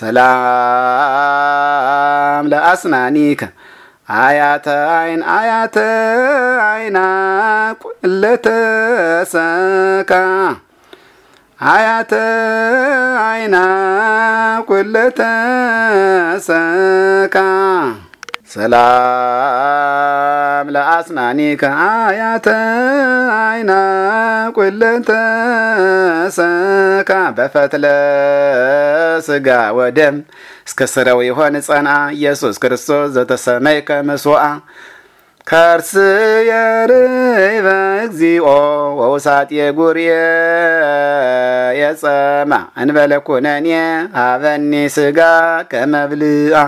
ሰላም ለአስናኒከ አያተ አይን አያተ አይና ቁለተሰካ አያተ አይና ቁለተሰካ ሰላም ለአስናኒከ አያተ አይና ቁልንተ በፈትለ ስጋ ወደም እስከ ስረው ይሆን ጸና ኢየሱስ ክርስቶስ ዘተሰመይ ከመስዋዓ ከርስ የርይበ እግዚኦ ወውሳጥ ጉርየ የጸማ እንበለ ኩነኔ ሀበኒ ስጋ ከመብልአ